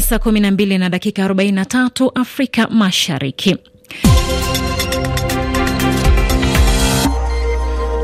saa 12 na dakika 43 Afrika Mashariki.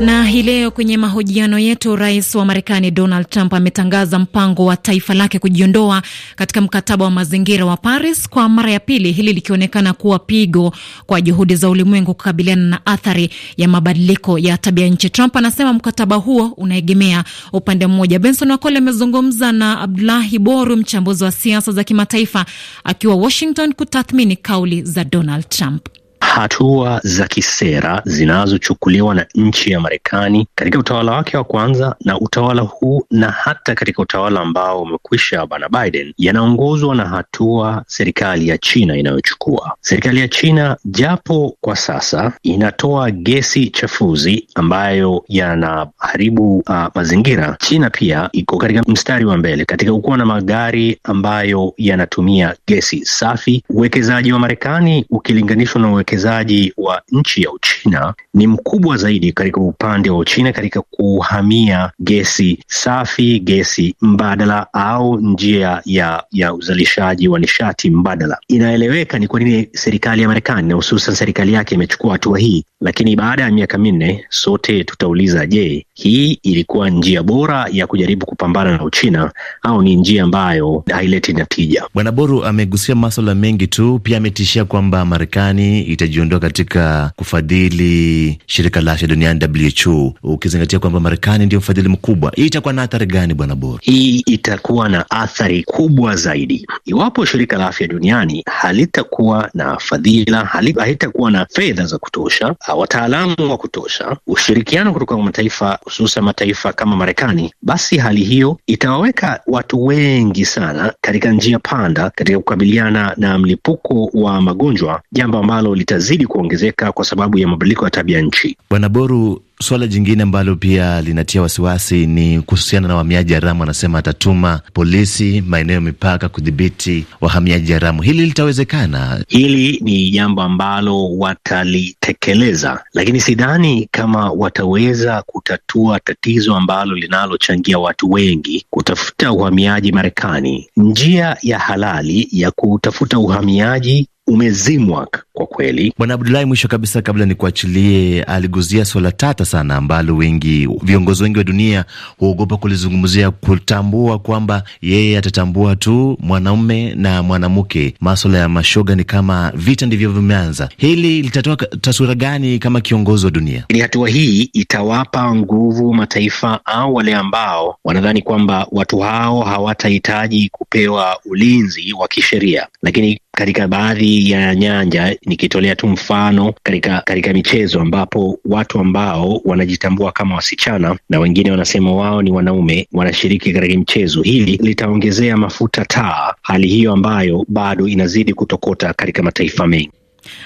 Na hii leo kwenye mahojiano yetu, rais wa Marekani Donald Trump ametangaza mpango wa taifa lake kujiondoa katika mkataba wa mazingira wa Paris kwa mara ya pili, hili likionekana kuwa pigo kwa juhudi za ulimwengu kukabiliana na athari ya mabadiliko ya tabia nchi. Trump anasema mkataba huo unaegemea upande mmoja. Benson Wakole amezungumza na Abdulahi Boru, mchambuzi wa siasa za kimataifa, akiwa Washington kutathmini kauli za Donald Trump. Hatua za kisera zinazochukuliwa na nchi ya Marekani katika utawala wake wa kwanza na utawala huu na hata katika utawala ambao umekwisha bwana Biden, yanaongozwa na hatua serikali ya China inayochukua. Serikali ya China japo kwa sasa inatoa gesi chafuzi ambayo yanaharibu uh, mazingira, China pia iko katika mstari wa mbele katika kuwa na magari ambayo yanatumia gesi safi. Uwekezaji wa Marekani ukilinganishwa na uwekezaji uwekezaji wa nchi ya Uchina ni mkubwa zaidi katika upande wa Uchina katika kuhamia gesi safi, gesi mbadala au njia ya, ya uzalishaji wa nishati mbadala. Inaeleweka ni kwa nini serikali ya Marekani na hususan serikali yake imechukua hatua hii, lakini baada ya miaka minne sote tutauliza, je, hii ilikuwa njia bora ya kujaribu kupambana na Uchina au ni njia ambayo haileti natija? Bwana Boru amegusia maswala mengi tu, pia ametishia kwamba Marekani ita imejiondoa katika kufadhili shirika la afya duniani WHO, ukizingatia kwamba Marekani ndio mfadhili mkubwa. Hii itakuwa na athari gani, bwana Bor? Hii itakuwa na athari kubwa zaidi iwapo shirika la afya duniani halitakuwa na fadhila, halitakuwa na fedha za kutosha, wataalamu wa kutosha, ushirikiano kutoka kwa mataifa, hususan mataifa kama Marekani, basi hali hiyo itawaweka watu wengi sana katika njia panda katika kukabiliana na mlipuko wa magonjwa, jambo ambalo lita itazidi kuongezeka kwa sababu ya mabadiliko ya tabia nchi. Bwana Boru, suala jingine ambalo pia linatia wasiwasi ni kuhusiana na wahamiaji haramu. Anasema atatuma polisi maeneo ya mipaka kudhibiti wahamiaji haramu. Hili litawezekana? Hili ni jambo ambalo watalitekeleza, lakini sidhani kama wataweza kutatua tatizo ambalo linalochangia watu wengi kutafuta uhamiaji Marekani. Njia ya halali ya kutafuta uhamiaji umezimwa kwa kweli. Bwana Abdulahi, mwisho kabisa, kabla ni kuachilie, aliguzia swala tata sana ambalo wengi viongozi wengi wa dunia huogopa kulizungumzia, kutambua kwamba yeye atatambua tu mwanaume na mwanamke. Maswala ya mashoga ni kama vita ndivyo vimeanza. Hili litatoa taswira gani kama kiongozi wa dunia? Ni hatua hii itawapa nguvu mataifa au wale ambao wanadhani kwamba watu hao hawatahitaji kupewa ulinzi wa kisheria, lakini katika baadhi ya nyanja, nikitolea tu mfano katika katika michezo, ambapo watu ambao wanajitambua kama wasichana na wengine wanasema wao ni wanaume wanashiriki katika mchezo. Hili litaongezea mafuta taa hali hiyo ambayo bado inazidi kutokota katika mataifa mengi.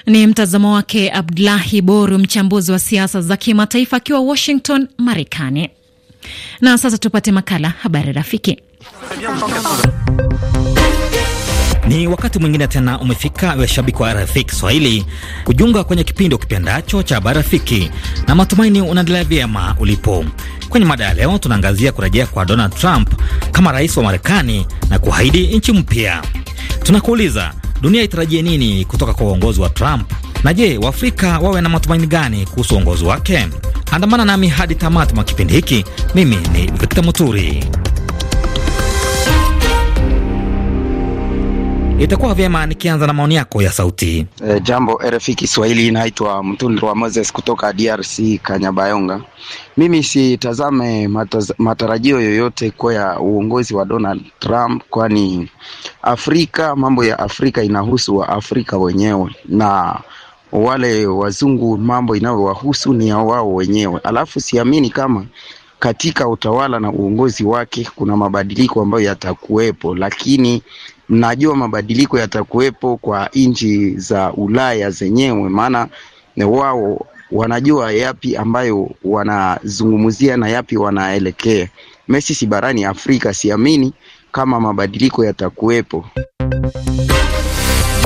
Ni mtazamo wake Abdulahi Boru, mchambuzi wa siasa za kimataifa akiwa Washington, Marekani. Na sasa tupate makala Habari Rafiki. Ni wakati mwingine tena umefika, shabiki wa RFI Kiswahili, kujunga kwenye kipindi ukipendacho cha habari rafiki, na matumaini unaendelea vyema ulipo. Kwenye mada ya leo, tunaangazia kurejea kwa Donald Trump kama rais wa Marekani na kuahidi nchi mpya. Tunakuuliza, dunia itarajie nini kutoka kwa uongozi wa Trump, na je, waafrika wawe na matumaini gani kuhusu uongozi wake? Andamana nami hadi tamati mwa kipindi hiki. Mimi ni Victor Muturi. Itakuwa vyema nikianza na maoni yako ya sauti. E, jambo RFI Kiswahili, inaitwa Mtundru wa Moses kutoka DRC Kanyabayonga. Mimi sitazame matarajio yoyote kwa ya uongozi wa Donald Trump, kwani Afrika, mambo ya Afrika inahusu Waafrika wenyewe na wale wazungu mambo inayowahusu ni ya wao wenyewe. Alafu siamini kama katika utawala na uongozi wake kuna mabadiliko ambayo yatakuwepo, lakini mnajua mabadiliko yatakuwepo kwa nchi za Ulaya zenyewe, maana wao wanajua yapi ambayo wanazungumzia na yapi wanaelekea. Messi si barani Afrika, siamini kama mabadiliko yatakuwepo.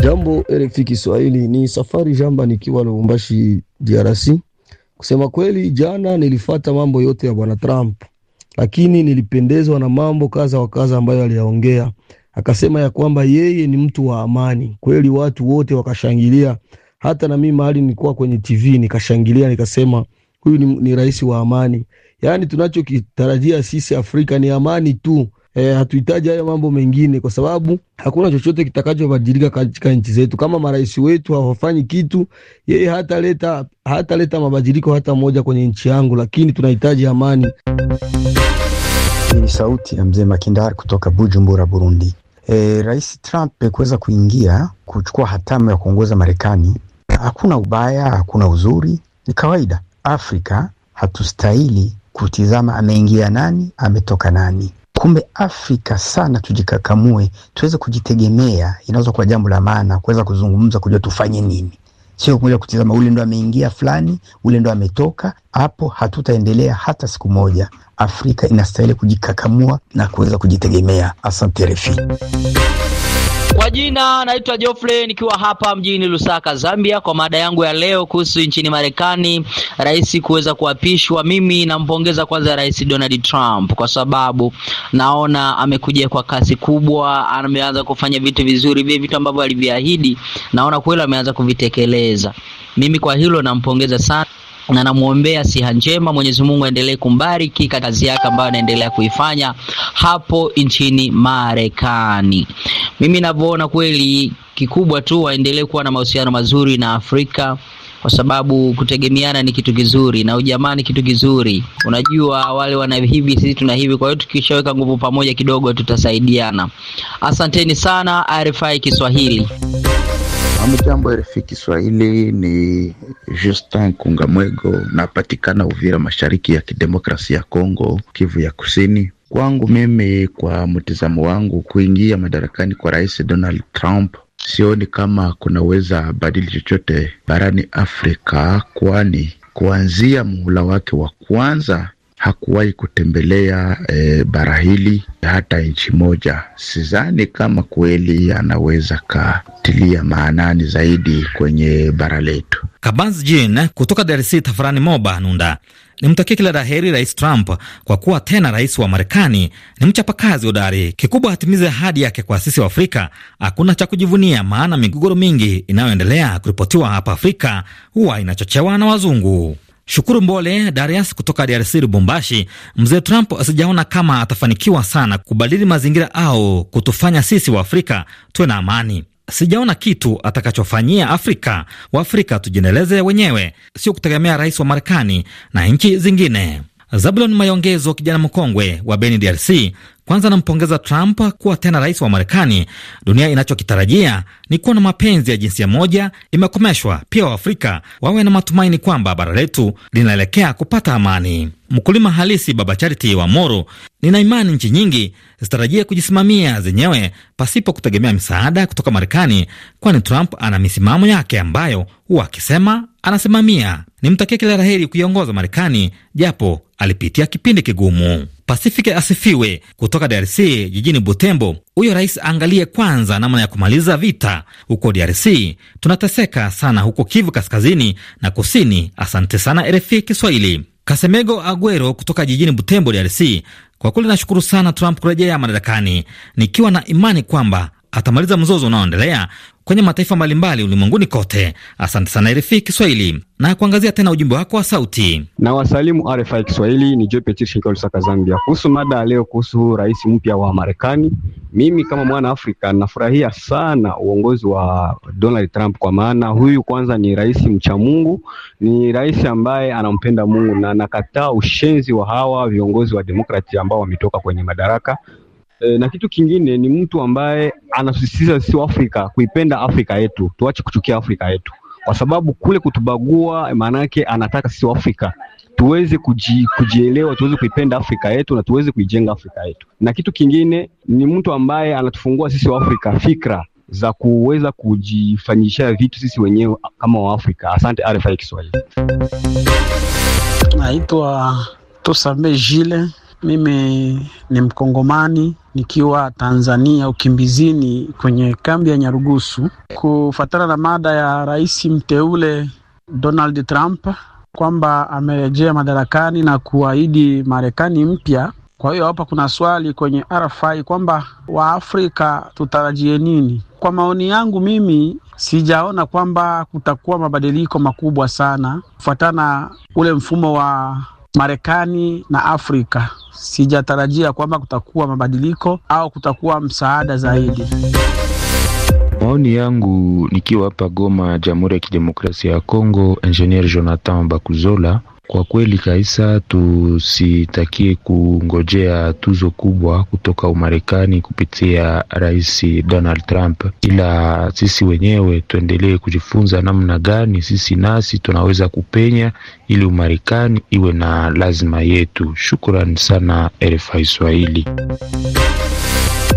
Jambo RFI Kiswahili, ni Safari Jamba nikiwa Lubumbashi, DRC. Kusema kweli, jana nilifata mambo yote ya bwana Trump, lakini nilipendezwa na mambo kaza wa kaza ambayo aliyaongea akasema ya kwamba yeye ni mtu wa amani kweli. Watu wote wakashangilia, hata na mimi mahali nilikuwa kwenye TV nikashangilia, nikasema huyu ni, ni rais wa amani. Yaani tunachokitarajia sisi Afrika ni amani tu. E, hatuhitaji hayo mambo mengine kwa sababu hakuna chochote kitakachobadilika katika nchi zetu. Kama marais wetu hawafanyi kitu, yeye hataleta hataleta mabadiliko hata moja kwenye nchi yangu, lakini tunahitaji amani. Ni sauti ya mzee Makindari kutoka Bujumbura, Burundi e, Rais Trump kuweza kuingia kuchukua hatamu ya kuongoza Marekani, hakuna ubaya, hakuna uzuri, ni kawaida. Afrika hatustahili kutizama ameingia nani, ametoka nani. Kumbe Afrika sana, tujikakamue, tuweze kujitegemea. Inaweza kuwa jambo la maana kuweza kuzungumza, kujua tufanye nini, sio kuja kutizama ule ndo ameingia fulani, ule ndo ametoka. Hapo hatutaendelea hata siku moja. Afrika inastahili kujikakamua na kuweza kujitegemea. Asante RFI. Kwa jina naitwa Geoffrey nikiwa hapa mjini Lusaka, Zambia, kwa mada yangu ya leo kuhusu nchini Marekani rais kuweza kuapishwa. Mimi nampongeza kwanza Rais Donald Trump kwa sababu naona amekuja kwa kasi kubwa, ameanza kufanya vitu vizuri, vile vitu ambavyo aliviahidi, naona kweli ameanza kuvitekeleza. Mimi kwa hilo nampongeza sana na namuombea siha njema. Mwenyezi Mungu aendelee kumbariki katika kazi yake ambayo anaendelea kuifanya hapo nchini Marekani. Mimi navyoona kweli, kikubwa tu waendelee kuwa na mahusiano mazuri na Afrika kwa sababu kutegemeana ni kitu kizuri na ujamaa ni kitu kizuri. Unajua, wale wana hivi, sisi tuna hivi. Kwa hiyo tukishaweka nguvu pamoja kidogo, tutasaidiana. Asanteni sana RFI Kiswahili. Hamujambo RFI Kiswahili, ni Justin Kungamwego, napatikana Uvira, mashariki ya kidemokrasia ya Kongo, Kivu ya Kusini. Kwangu mimi, kwa mtizamo wangu, kuingia madarakani kwa Rais Donald Trump sioni kama kunaweza badili chochote barani Afrika, kwani kuanzia muhula wake wa kwanza hakuwahi kutembelea e, bara hili hata nchi moja. Sidhani kama kweli anaweza katilia maanani zaidi kwenye bara letu. Kabanz Jin kutoka DRC, Tafarani Moba Nunda. Nimtakie kila la heri Rais Trump kwa kuwa tena rais wa Marekani. Ni mchapakazi hodari, kikubwa atimize ahadi yake kwa sisi wa Afrika. Hakuna cha kujivunia, maana migogoro mingi inayoendelea kuripotiwa hapa Afrika huwa inachochewa na wazungu. Shukuru Mbole Darius kutoka DRC, Lubumbashi. Mzee Trump asijaona kama atafanikiwa sana kubadili mazingira au kutufanya sisi wa afrika tuwe na amani. Sijaona kitu atakachofanyia Afrika. Waafrika tujiendeleze wenyewe, sio kutegemea rais wa Marekani na nchi zingine. Zabulon Mayongezo, kijana mkongwe wa Beni, DRC, kwanza anampongeza Trump kuwa tena rais wa Marekani. Dunia inachokitarajia ni kuwa na mapenzi ya jinsia moja imekomeshwa. Pia Waafrika wawe na matumaini kwamba bara letu linaelekea kupata amani. Mkulima halisi Baba Charity wa Moro, nina imani nchi nyingi zitarajia kujisimamia zenyewe pasipo kutegemea misaada kutoka Marekani, kwani Trump ana misimamo yake ambayo huwa akisema anasimamia. Nimtakia kila la heri kuiongoza Marekani, japo alipitia kipindi kigumu. Pacific asifiwe kutoka DRC jijini Butembo. Huyo rais aangalie kwanza namna ya kumaliza vita huko DRC, tunateseka sana huko Kivu kaskazini na kusini. Asante sana RFI Kiswahili. Kasemego Aguero kutoka jijini Butembo, DRC. Kwa kweli nashukuru sana Trump kurejea madarakani, nikiwa na imani kwamba atamaliza mzozo unaoendelea kwenye mataifa mbalimbali ulimwenguni kote. Asante sana RFI Kiswahili na kuangazia tena ujumbe wako wa sauti. Na wasalimu RFI Kiswahili, ni Joe Petit Lusaka, Zambia, kuhusu mada ya leo kuhusu rais mpya wa Marekani. Mimi kama mwana Afrika nafurahia sana uongozi wa Donald Trump, kwa maana huyu kwanza ni rais mcha Mungu, ni rais ambaye anampenda Mungu na anakataa ushenzi wa hawa viongozi wa demokrati ambao wametoka kwenye madaraka E, na kitu kingine ni mtu ambaye anasisitiza sisi Afrika kuipenda Afrika yetu, tuache kuchukia Afrika yetu, kwa sababu kule kutubagua, yake anataka sisi Afrika tuweze kuji, kujielewa tuweze kuipenda Afrika yetu na tuweze kuijenga Afrika yetu. Na kitu kingine ni mtu ambaye anatufungua sisi Afrika fikra za kuweza kujifanyisha vitu sisi wenyewe kama Waafrika. Asante RFI Kiswahili. Naitwa Tusame Jile mimi ni Mkongomani nikiwa Tanzania ukimbizini kwenye kambi ya Nyarugusu, kufuatana na mada ya rais mteule Donald Trump kwamba amerejea madarakani na kuahidi Marekani mpya. Kwa hiyo hapa kuna swali kwenye RFI kwamba Waafrika tutarajie nini? Kwa maoni yangu mimi sijaona kwamba kutakuwa mabadiliko makubwa sana kufuatana ule mfumo wa Marekani na Afrika, sijatarajia kwamba kutakuwa mabadiliko au kutakuwa msaada zaidi. Maoni yangu nikiwa hapa Goma, Jamhuri ya Kidemokrasia ya Kongo, Engineer Jonathan Bakuzola kwa kweli kabisa, tusitakie kungojea tuzo kubwa kutoka Umarekani kupitia Rais Donald Trump, ila sisi wenyewe tuendelee kujifunza namna gani sisi nasi tunaweza kupenya ili Umarekani iwe na lazima yetu. Shukrani sana RFI Swahili.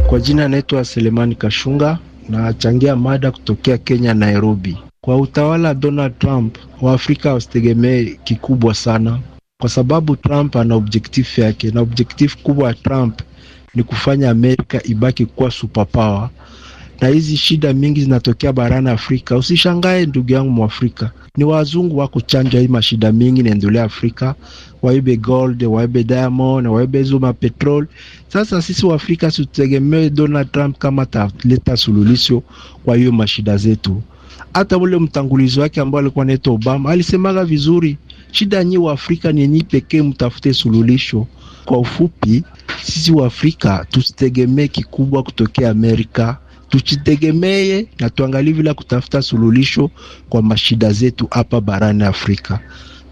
Kwa jina anaitwa Selemani Kashunga, nachangia mada kutokea Kenya, Nairobi. Kwa utawala Donald Trump, Waafrika wasitegemee kikubwa sana, kwa sababu Trump ana objektifu yake, na objektif kubwa ya Trump ni kufanya Amerika ibaki kuwa superpower. Na hizi shida mingi zinatokea barani Afrika. Usishangae ndugu yangu Mwafrika, ni wazungu wako chanja hii mashida mingi naendelea Afrika, waibe gold, waibe diamond, waibe zuma petrol. Sasa sisi Waafrika tutegemee Donald Trump kama ataleta suluhisho kwa hiyo mashida zetu hata ule mtangulizi wake ambao alikuwa anaitwa Obama alisemaga vizuri, shida nyi wa Afrika ni nyi pekee mtafute sululisho Kwa ufupi, sisi wa Afrika tusitegemee kikubwa kutokea Amerika, tuchitegemee na tuangalie vile kutafuta sululisho kwa mashida zetu hapa barani Afrika.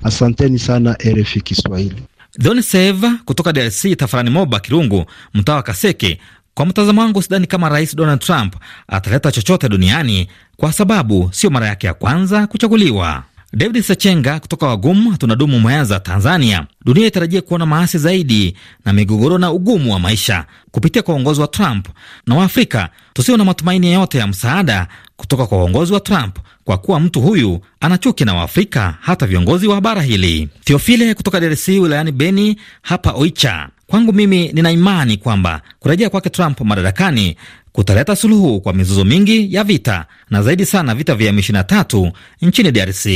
Asanteni sana RFI Kiswahili. Don Seva kutoka DRC, tafarani Moba Kirungu, mtaa wa Kaseke, kwa mtazamo wangu, sidhani kama Rais Donald Trump ataleta chochote duniani kwa sababu sio mara yake ya kwanza kuchaguliwa. David Sachenga kutoka Wagum tunadumu Mwanza, Tanzania. Dunia itarajia kuona maasi zaidi na migogoro na ugumu wa maisha kupitia kwa uongozi wa Trump, na Waafrika tusio na matumaini yoyote ya msaada kutoka kwa uongozi wa Trump kwa kuwa mtu huyu ana chuki na Waafrika, hata viongozi wa bara hili. Theofile kutoka DRC wilayani Beni hapa Oicha Kwangu mimi nina imani kwamba kurejea kwake Trump madarakani kutaleta suluhu kwa mizozo mingi ya vita na zaidi sana vita vya M23 nchini DRC.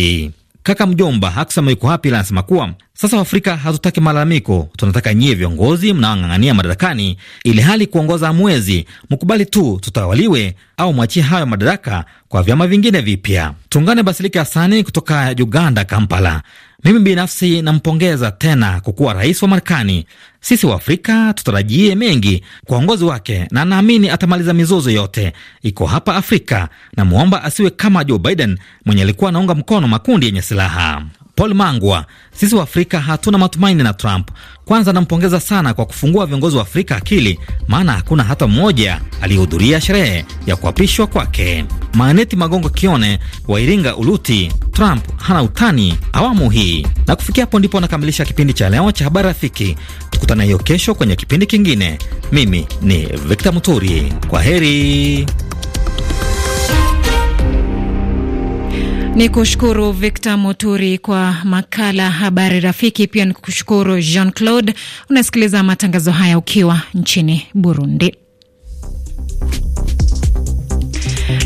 Kaka mjomba hakusema yuko hapi, ila anasema kuwa sasa Waafrika hatutaki malalamiko, tunataka nyie viongozi mnaong'ang'ania madarakani ili hali kuongoza hamwezi, mkubali tu tutawaliwe au mwachie hayo madaraka kwa vyama vingine vipya. Tuungane Basilika Asani kutoka Uganda, Kampala. Mimi binafsi nampongeza tena kwa kuwa rais wa Marekani. Sisi wa Afrika tutarajie mengi kwa uongozi wake, na naamini atamaliza mizozo yote iko hapa Afrika. Namwomba asiwe kama Joe Biden mwenye alikuwa anaunga mkono makundi yenye silaha. Paul Mangwa, sisi wa Afrika hatuna matumaini na Trump. Kwanza nampongeza sana kwa kufungua viongozi wa Afrika akili, maana hakuna hata mmoja aliyehudhuria sherehe ya kuapishwa kwake. Maneti Magongo Kione wa Iringa Uluti, Trump hana utani awamu hii. Na kufikia hapo ndipo nakamilisha kipindi cha leo cha habari rafiki. Tukutana hiyo kesho kwenye kipindi kingine. Mimi ni Victor Muturi, kwa heri. Ni kushukuru Victor Moturi kwa makala Habari Rafiki. Pia ni kushukuru Jean Claude. Unasikiliza matangazo haya ukiwa nchini Burundi.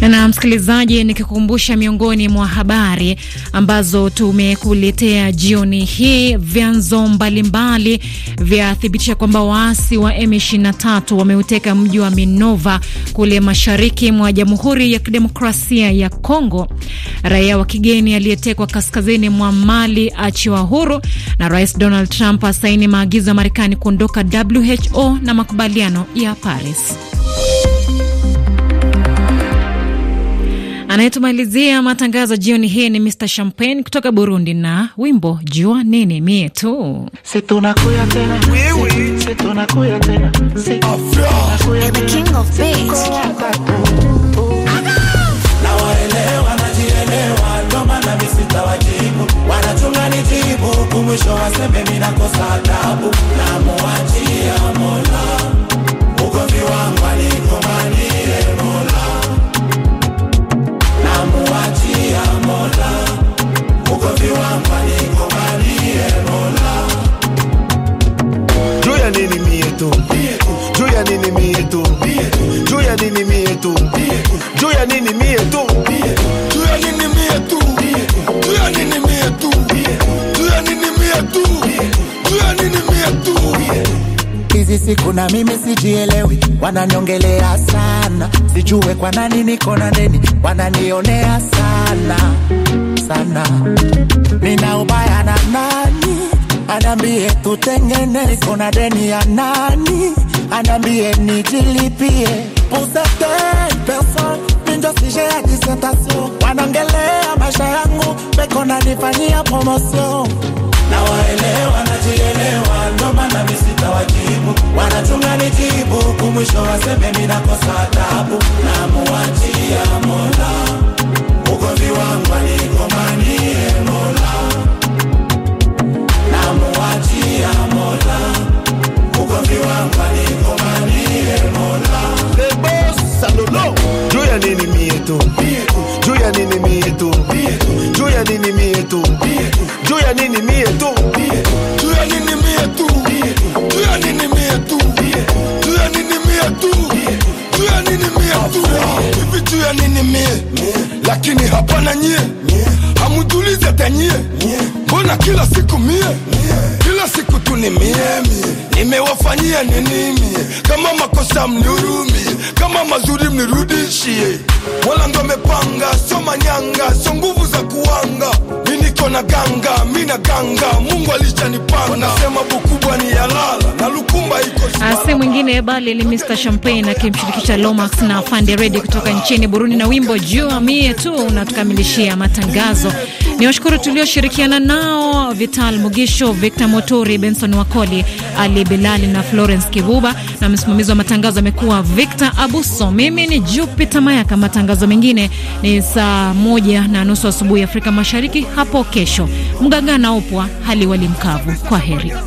Na msikilizaji, nikikukumbusha miongoni mwa habari ambazo tumekuletea jioni hii, vyanzo mbalimbali vyathibitisha kwamba waasi wa M23 wameuteka mji wa Minova kule mashariki mwa Jamhuri ya Kidemokrasia ya Kongo. Raia wa kigeni aliyetekwa kaskazini mwa Mali achiwa huru, na Rais Donald Trump asaini maagizo ya Marekani kuondoka WHO na makubaliano ya Paris. Anayetumalizia matangazo jioni hii ni Mr Champagne kutoka Burundi na wimbo jua nini mie tu waseme adabu tu juu ya nini mie tu juu ya nini mie tu juu ya nini mie tu juu ya nini mie tu juu ya nini mie tu juu ya nini mie tu juu ya nini mie tu hizi siku na mimi sijielewi, wananiongelea sana, sijue kwa nani niko na deni, wananionea sana sana, nina ubaya na nani? anambie tutengeneze, kuna deni ya nani? Anambie nijilipie pour certaines personnes ya dissertation, wanongelea maisha yangu peko nanifanyia promotion na waelewa najielewa, ndo maana misita wajibu wanachunga nijibu kumwisho waseme minakosa adabu na muwachia Mola ugomvi wangu mietu juu ya nini mietu juu ya nini mietu juu ya nini mietu juu ya nini mietu juu ya nini mietu juu ya nini mietu juu ya nini mietu hivi juu ya nini mie lakini hapana nyie hamujulize tanyie mbona kila siku mie kila siku tu ni miemi, nimewafanyia nini mie? Kama makosa mnihurumie, kama mazuri mnirudishie. Wala ndo amepanga, sio manyanga, sio nguvu za kuanga. Mi niko na ganga, mi na ganga, Mungu alishanipanga. Wanasema bukubwa ni halala na lukumba iko ase mwingine bali ni Mr Champagne akimshirikisha Lomax na Fande Redi kutoka nchini Burundi na wimbo jua mie tu unatukamilishia matangazo ni washukuru tulioshirikiana nao Vital Mugisho, Victor Moturi, Benson Wakoli, Ali Bilali na Florence Kibuba, na msimamizi wa matangazo amekuwa Victor Abuso. Mimi ni Jupiter Mayaka. Matangazo mengine ni saa moja na nusu asubuhi Afrika Mashariki hapo kesho. mgaga naopwa upwa hali wali mkavu. Kwa heri.